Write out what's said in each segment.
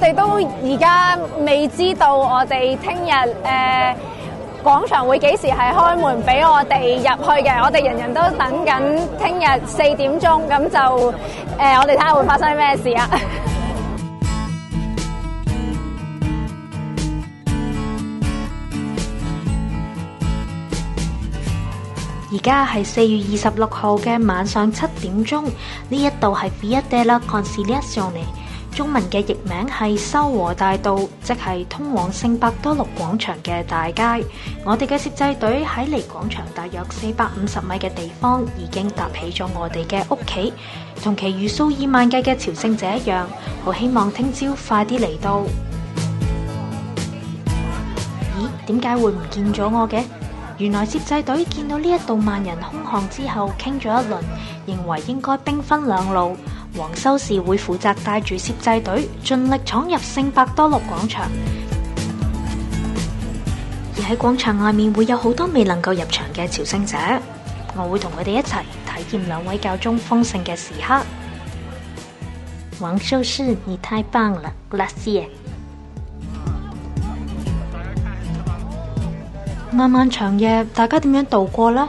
我哋都而家未知道我哋聽日誒廣場會幾時係開門俾我哋入去嘅，我哋人人都等緊聽日四點鐘，咁就誒、呃，我哋睇下會發生咩事啊！而家係四月二十六號嘅晚上七點鐘呢一度係 Via della Conciliazione 嚟。中文嘅譯名係修和大道，即係通往聖伯多祿廣場嘅大街。我哋嘅攝製隊喺離廣場大約四百五十米嘅地方已經搭起咗我哋嘅屋企，同其餘數以萬計嘅朝聖者一樣，好希望聽朝快啲嚟到。咦？點解會唔見咗我嘅？原來攝製隊見到呢一度萬人空巷之後，傾咗一輪，認為應該兵分兩路。王修士會負責帶住攝製隊，盡力闖入聖伯多祿廣場。而喺廣場外面會有好多未能夠入場嘅朝聖者，我會同佢哋一齊體驗兩位教宗封聖嘅時刻。王修士，你太棒了！感謝，謝。漫漫長夜，大家點樣度過呢？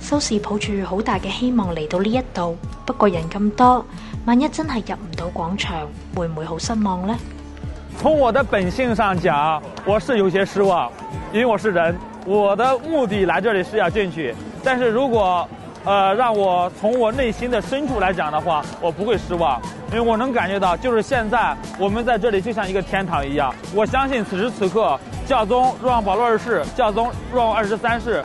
收市抱住好大嘅希望嚟到呢一度，不過人咁多，萬一真係入唔到廣場，會唔會好失望呢？從我的本性上講，我是有些失望，因為我是人，我的目的來這裏是要進去。但是如果，呃，讓我從我內心的深處來講的話，我不會失望，因為我能感覺到，就是現在我們在這裏就像一個天堂一樣。我相信此時此刻，教宗若望保祿二世、教宗若望二十三世，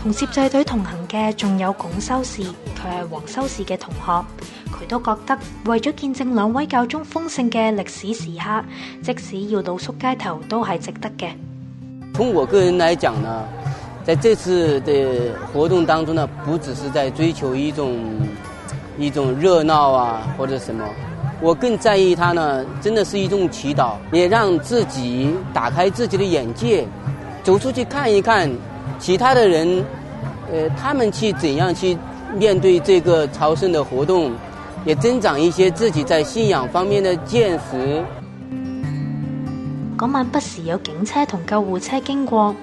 同攝製隊同行嘅仲有龔修士，佢係黃修士嘅同學，佢都覺得為咗見證兩位教宗豐盛嘅歷史時刻，即使要露宿街頭都係值得嘅。從我個人來講呢，在這次的活動當中呢，不只是在追求一種一種熱鬧啊或者什麼，我更在意他呢，真的是一種祈禱，也讓自己打開自己的眼界，走出去看一看。其他的人，誒、呃，他們去怎樣去面對這個朝聖的活動，也增長一些自己在信仰方面的見識。嗰晚不時有警車同救護車經過，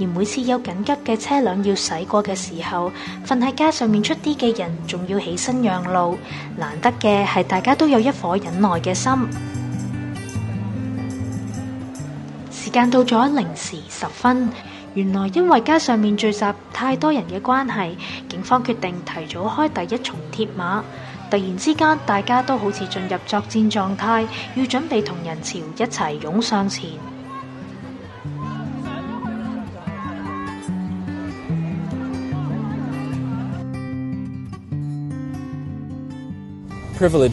而每次有緊急嘅車輛要駛過嘅時候，瞓喺街上面出啲嘅人仲要起身讓路。難得嘅係大家都有一顆忍耐嘅心。時間到咗零時十分。原來因為街上面聚集太多人嘅關係，警方決定提早開第一重鐵馬。突然之間，大家都好似進入作戰狀態，要準備同人潮一齊湧上前。 shared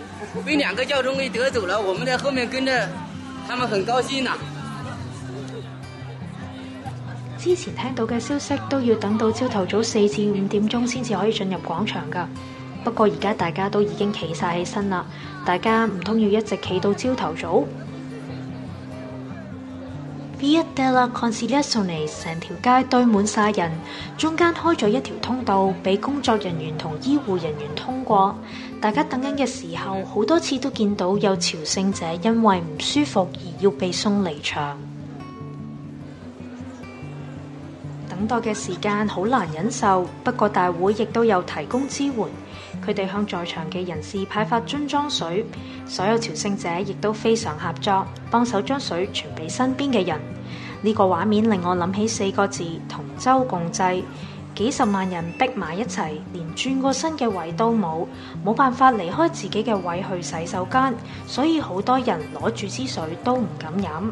我被兩個教宗給得走了，我們在後面跟着，他們很高興啦。之前聽到嘅消息都要等到朝頭早四至五點鐘先至可以進入廣場噶不過而家大家都已經企晒起身啦，大家唔通要一直企到朝頭早？Via della Conciliazione，成條街堆滿晒人，中間開咗一條通道俾工作人員同醫護人員通過。大家等緊嘅時候，好多次都見到有朝聖者因為唔舒服而要被送離場。等待嘅時間好難忍受，不過大會亦都有提供支援。佢哋向在場嘅人士派發樽裝水，所有朝聖者亦都非常合作，幫手將水傳俾身邊嘅人。呢個畫面令我諗起四個字：同舟共濟。幾十萬人逼埋一齊，連轉個身嘅位都冇，冇辦法離開自己嘅位去洗手間，所以好多人攞住支水都唔敢飲。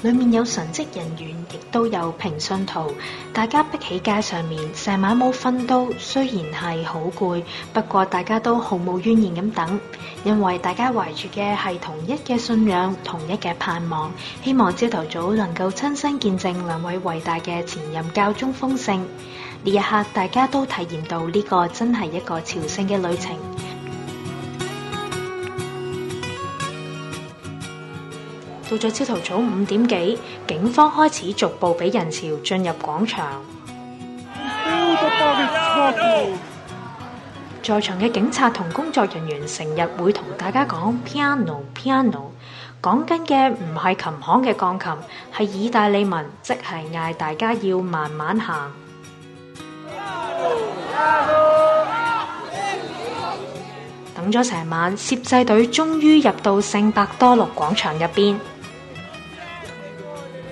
裏面有神職人員，亦都有平信徒，大家逼喺街上面，成晚冇瞓到，雖然係好攰，不過大家都毫無怨言咁等，因為大家懷住嘅係同一嘅信仰、同一嘅盼望，希望朝頭早能夠親身見證兩位偉大嘅前任教宗封聖。呢一刻，大家都體驗到呢個真係一個朝聖嘅旅程。到咗朝頭早五點幾，警方開始逐步俾人潮進入廣場。在場嘅警察同工作人員成日會同大家講 piano piano，講緊嘅唔係琴行嘅鋼琴，係意大利文，即係嗌大家要慢慢行。 等咗成晚，攝製隊終於入到聖伯多祿廣場入邊。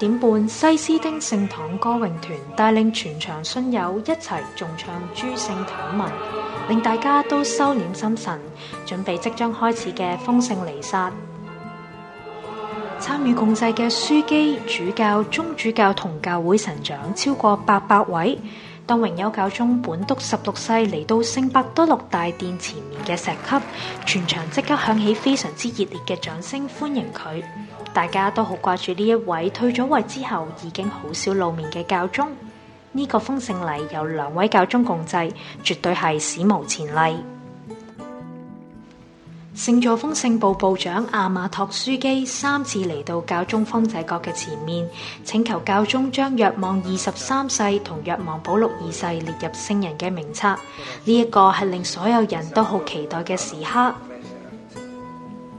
點半，西斯丁聖堂歌詠團帶領全場信友一齊重唱《諸聖禱文》，令大家都收斂心神，準備即將開始嘅封聖彌撒。參與共祭嘅樞機、主教、宗主教同教會神長超過八百位，當榮休教宗本篤十六世嚟到聖伯多祿大殿前面嘅石級，全場即刻響起非常之熱烈嘅掌聲，歡迎佢。大家都好掛住呢一位退咗位之後已經好少露面嘅教宗。呢、這個封聖禮由兩位教宗共祭，絕對係史無前例。聖座封聖部部長阿馬托樞機三次嚟到教宗方濟各嘅前面，請求教宗將若望二十三世同若望保祿二世列入聖人嘅名冊。呢、這、一個係令所有人都好期待嘅時刻。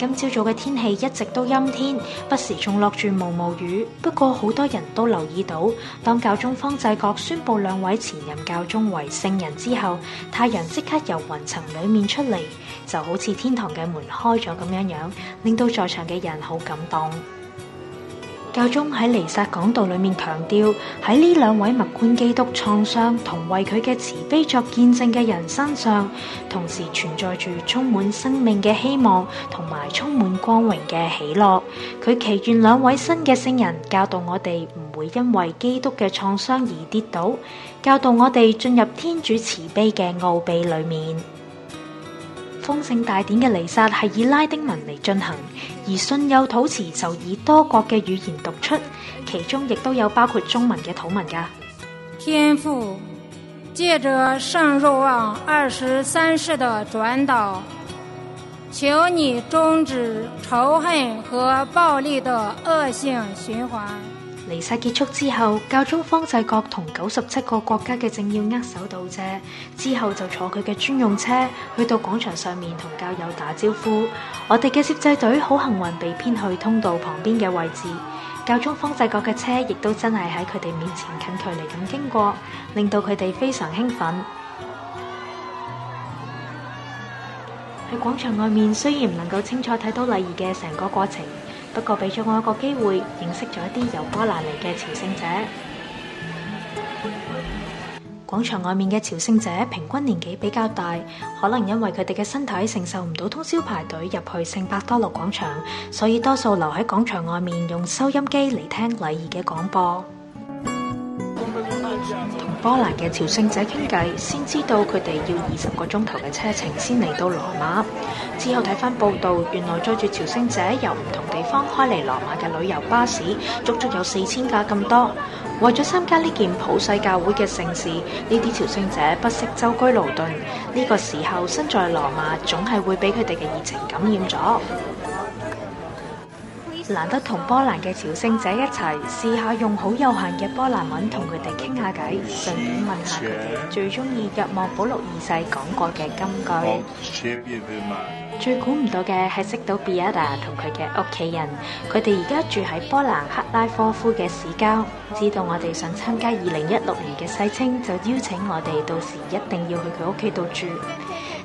今朝早嘅天氣一直都陰天，不時仲落住毛毛雨。不過好多人都留意到，當教宗方濟各宣布兩位前任教宗為聖人之後，太陽即刻由雲層裏面出嚟，就好似天堂嘅門開咗咁樣樣，令到在場嘅人好感動。教宗喺彌撒講道裏面強調，喺呢兩位默觀基督創傷同為佢嘅慈悲作見證嘅人身上，同時存在住充滿生命嘅希望同埋充滿光榮嘅喜樂。佢祈願兩位新嘅聖人教導我哋唔會因為基督嘅創傷而跌倒，教導我哋進入天主慈悲嘅奧秘裏面。封聖大典嘅離沙係以拉丁文嚟進行，而信友禱詞就以多國嘅語言讀出，其中亦都有包括中文嘅禱文㗎。天父，借着聖若望二十三世嘅轉禱，求你終止仇恨和暴力的惡性循環。儀式結束之後，教宗方濟各同九十七個國家嘅政要握手道謝，之後就坐佢嘅專用車去到廣場上面同教友打招呼。我哋嘅攝製隊好幸運，被編去通道旁邊嘅位置。教宗方濟各嘅車亦都真係喺佢哋面前近距離咁經過，令到佢哋非常興奮。喺廣場外面，雖然唔能夠清楚睇到禮儀嘅成個過程。不過俾咗我一個機會，認識咗一啲由波蘭嚟嘅朝聖者。廣場外面嘅朝聖者平均年紀比較大，可能因為佢哋嘅身體承受唔到通宵排隊入去聖伯多祿廣場，所以多數留喺廣場外面用收音機嚟聽禮儀嘅廣播。波蘭嘅朝聖者傾偈，先知道佢哋要二十個鐘頭嘅車程先嚟到羅馬。之後睇翻報道，原來載住朝聖者由唔同地方開嚟羅馬嘅旅遊巴士，足足有四千架咁多。為咗參加呢件普世教會嘅盛事，呢啲朝聖者不惜舟車勞頓。呢個時候身在羅馬，總係會俾佢哋嘅熱情感染咗。難得同波蘭嘅朝聖者一齊試下用好有限嘅波蘭文同佢哋傾下偈，順便問下佢哋最中意若望保祿二世講過嘅金句。最估唔到嘅係識到比亞 a 同佢嘅屋企人，佢哋而家住喺波蘭克拉科夫嘅市郊，知道我哋想參加二零一六年嘅世青，就邀請我哋到時一定要去佢屋企度住。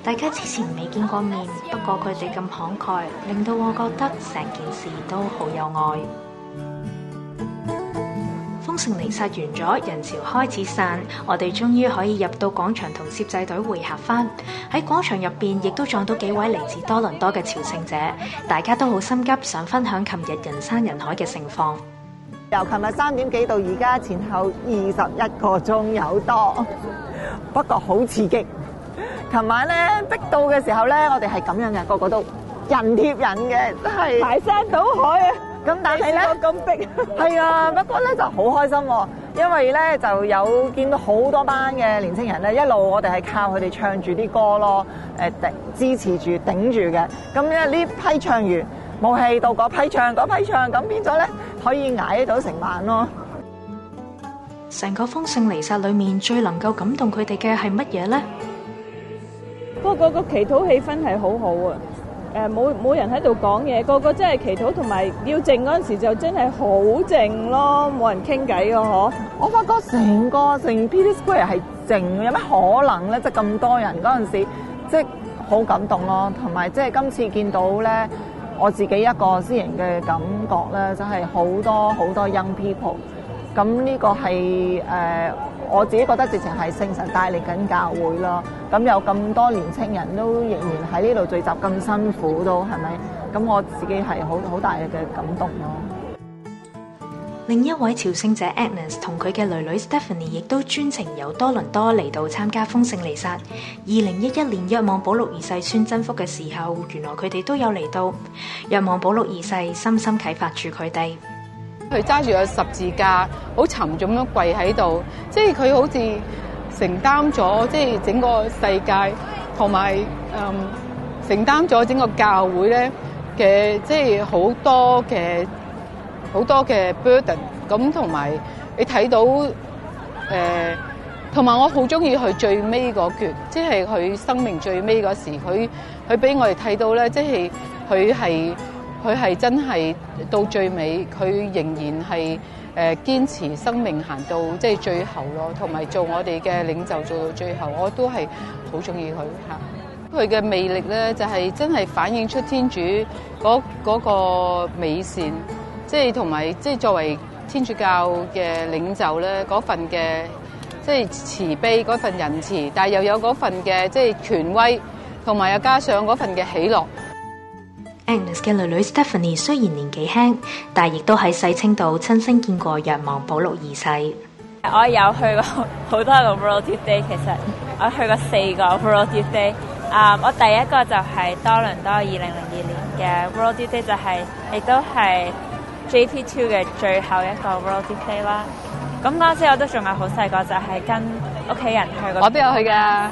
大家之前未見過面，不過佢哋咁慷慨，令到我覺得成件事都好有愛。封城離殺完咗，人潮開始散，我哋終於可以入到廣場同攝製隊會合翻。喺廣場入邊，亦都撞到幾位嚟自多倫多嘅朝聖者，大家都好心急，想分享琴日人山人海嘅盛況。由琴日三點幾到而家，前後二十一個鐘有多，不過好刺激。琴晚咧逼到嘅時候咧，我哋係咁樣嘅，個個都人貼人嘅，都係排山倒海嘅。咁但係咧，咁逼係啊，不過咧就好開心，因為咧就有見到好多班嘅年青人咧，一路我哋係靠佢哋唱住啲歌咯，誒支持住頂住嘅。咁咧呢批唱完冇氣到嗰批唱，嗰批唱咁變咗咧可以挨得到成晚咯。成個封聲離世》裏面最能夠感動佢哋嘅係乜嘢咧？個個個祈禱氣氛係好好啊！誒冇冇人喺度講嘢，個個真係祈禱，同埋要靜嗰陣時就真係好靜咯，冇人傾偈嘅嗬！我發覺成個成 Peter's Square 係靜，有咩可能咧？即係咁多人嗰陣時，即係好感動咯。同埋即係今次見到咧，我自己一個私人嘅感覺咧，真係好多好多 young people。咁呢個係誒。我自己覺得直情係聖神帶領緊教會咯，咁有咁多年輕人都仍然喺呢度聚集咁辛苦都係咪？咁我自己係好好大嘅感動咯。另一位朝聖者 Agnes 同佢嘅女女 Stephanie 亦都專程由多倫多嚟到參加封聖彌撒。二零一一年若望保祿二世宣真福嘅時候，原來佢哋都有嚟到。若望保祿二世深深啟發住佢哋。佢揸住個十字架，好沉重咁跪喺度，即係佢好似承擔咗，即係整個世界同埋嗯承擔咗整個教會咧嘅，即係好多嘅好多嘅 burden。咁同埋你睇到誒，同、呃、埋我好中意，佢最尾嗰橛，即係佢生命最尾嗰時，佢佢俾我哋睇到咧，即係佢係。佢係真係到最尾，佢仍然係誒堅持生命行到即係最後咯，同埋做我哋嘅領袖做到最後，我都係好中意佢嚇。佢嘅魅力咧，就係真係反映出天主嗰個美善，即係同埋即係作為天主教嘅領袖咧，嗰份嘅即係慈悲嗰份仁慈，但係又有嗰份嘅即係權威，同埋又加上嗰份嘅喜樂。安妮嘅女女 Stephanie 雖然年紀輕，但亦都喺世青度親身見過若望保禄二世。我有去過好多個 World Day，其實我去過四個 World Day。啊、um，我第一個就係多倫多二零零二年嘅 World Day，就係、是、亦都係 JP Two 嘅最後一個 World Day 啦。咁嗰陣時我都仲係好細個，就係、是、跟屋企人去過。我都有去噶。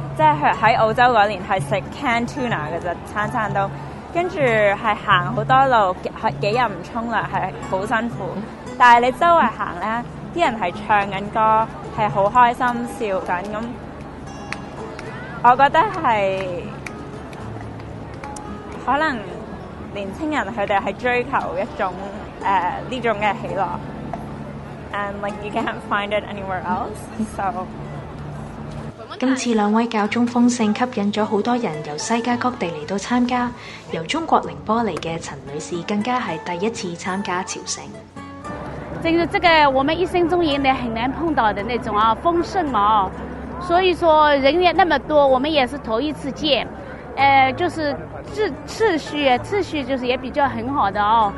即係喺澳洲嗰年係食 can tuna 嘅啫，餐餐都跟住係行好多路，係幾日唔沖涼係好辛苦。但係你周圍行咧，啲人係唱緊歌，係好開心笑緊。咁我覺得係可能年輕人佢哋係追求一種誒呢、呃、種嘅喜樂，and like you can't find it anywhere else, so. 今次兩位教宗封聖，吸引咗好多人由世界各地嚟到參加。由中國寧波嚟嘅陳女士更加係第一次參加朝聖。正是這個，我們一生中也難、很難碰到的那種啊封聖嘛哦。所以說人員那麼多，我們也是頭一次見。誒、呃，就是秩秩序、秩序，就是也比較很好的哦。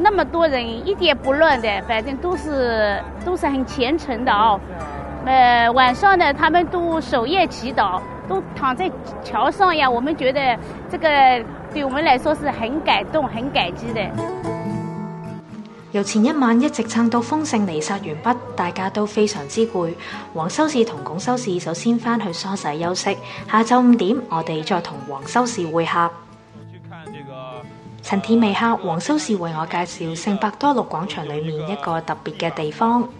那麼多人一點不亂的，反正都是都是很虔誠的哦。誒，晚上呢，他們都守夜祈禱，都躺在橋上呀。我們覺得這個對我們來說是很感動、很感激的。由前一晚一直撐到風盛彌撒完畢，大家都非常之攰。王修士同龔修士首先翻去梳洗休息。下晝五點，我哋再同王修士會合。去看這個陳天美客，王修士為我介紹聖伯多祿廣場裏面一個特別嘅地方。這個這個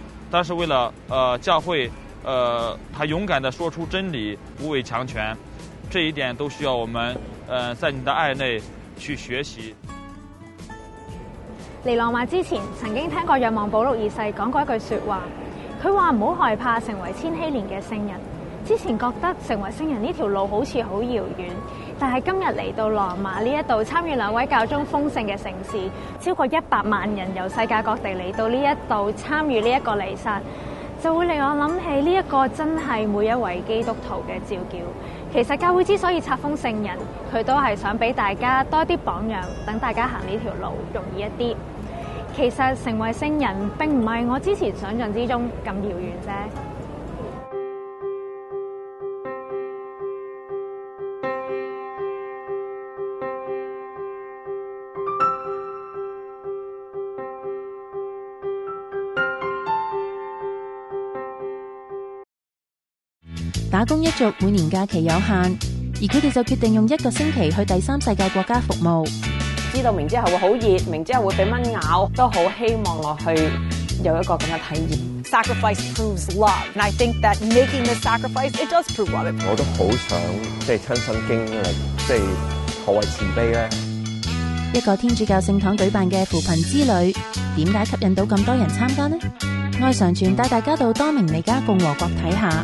但是為了呃教會，呃他勇敢的說出真理，無畏強權，這一點都需要我們，呃在你的愛內去學習。嚟羅馬之前，曾經聽過若望保祿二世講過一句說話，佢話唔好害怕成為千禧年嘅聖人。之前覺得成為聖人呢條路好似好遙遠。但係今日嚟到羅馬呢一度參與兩位教宗封聖嘅城市，超過一百萬人由世界各地嚟到呢一度參與呢一個彌撒，就會令我諗起呢一個真係每一位基督徒嘅召叫。其實教會之所以冊封聖人，佢都係想俾大家多啲榜樣，等大家行呢條路容易一啲。其實成為聖人，並唔係我之前想象之中咁遙遠啫。打工一族每年假期有限，而佢哋就決定用一個星期去第三世界國家服務。知道明之後會好熱，明之後會畀蚊咬，都好希望落去有一個咁嘅體驗。Sacrifice proves love, and I think that making the sacrifice it does prove what it proves. 我都好想即係親身經歷，即係何謂慈悲咧。一個天主教聖堂舉辦嘅扶貧之旅，點解吸引到咁多人參加呢？愛常傳帶大家到多明尼加共和國睇下。